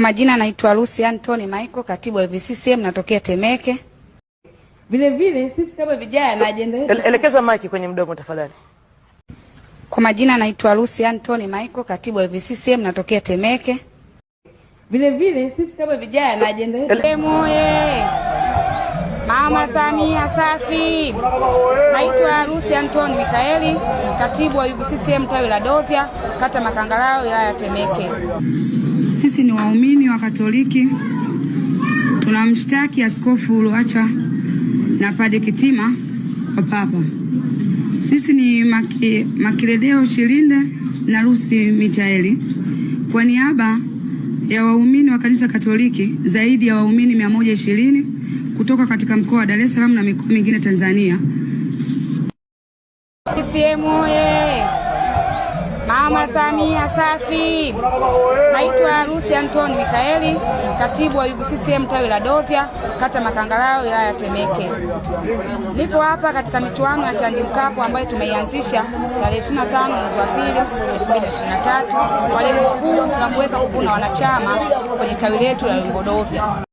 Kwa majina naitwa Lucy Anthony Michael, katibu wa VCCM natokea Temeke. Vile vile sisi kama vijana na ajenda yetu. Elekeza maiki kwenye mdomo tafadhali. Kwa majina naitwa Lucy Anthony Michael, katibu wa VCCM natokea Temeke. Vile vile sisi kama vijana na ajenda yetu. Mama Samia safi. Naitwa Rusi Antoni Mikaeli, katibu wa UVCCM tawi la Dovya, kata Makangalao, wilaya ya Temeke. Sisi ni waumini wa Katoliki, tunamshtaki Askofu Luacha na Padre Kitima kwa Papa. Sisi ni maki, Makiredeo Shilinde na Rusi Mikaeli kwa niaba ya waumini wa kanisa Katoliki zaidi ya waumini mia moja ishirini kutoka katika mkoa wa Dar es Salaam na mikoa mingine Tanzania. CCM oye! Mama Samia safi! Naitwa Lucy Antoni Mikaeli, katibu wa UVCCM tawi la Dovya, kata Makangalao, wilaya ya Temeke. Nipo hapa katika michuano ya chandi Mkapo ambayo tumeianzisha tarehe 25 mwezi wa pili 2023 kwa lengo kuu la kuweza kuvuna wanachama kwenye tawi letu la Dovya.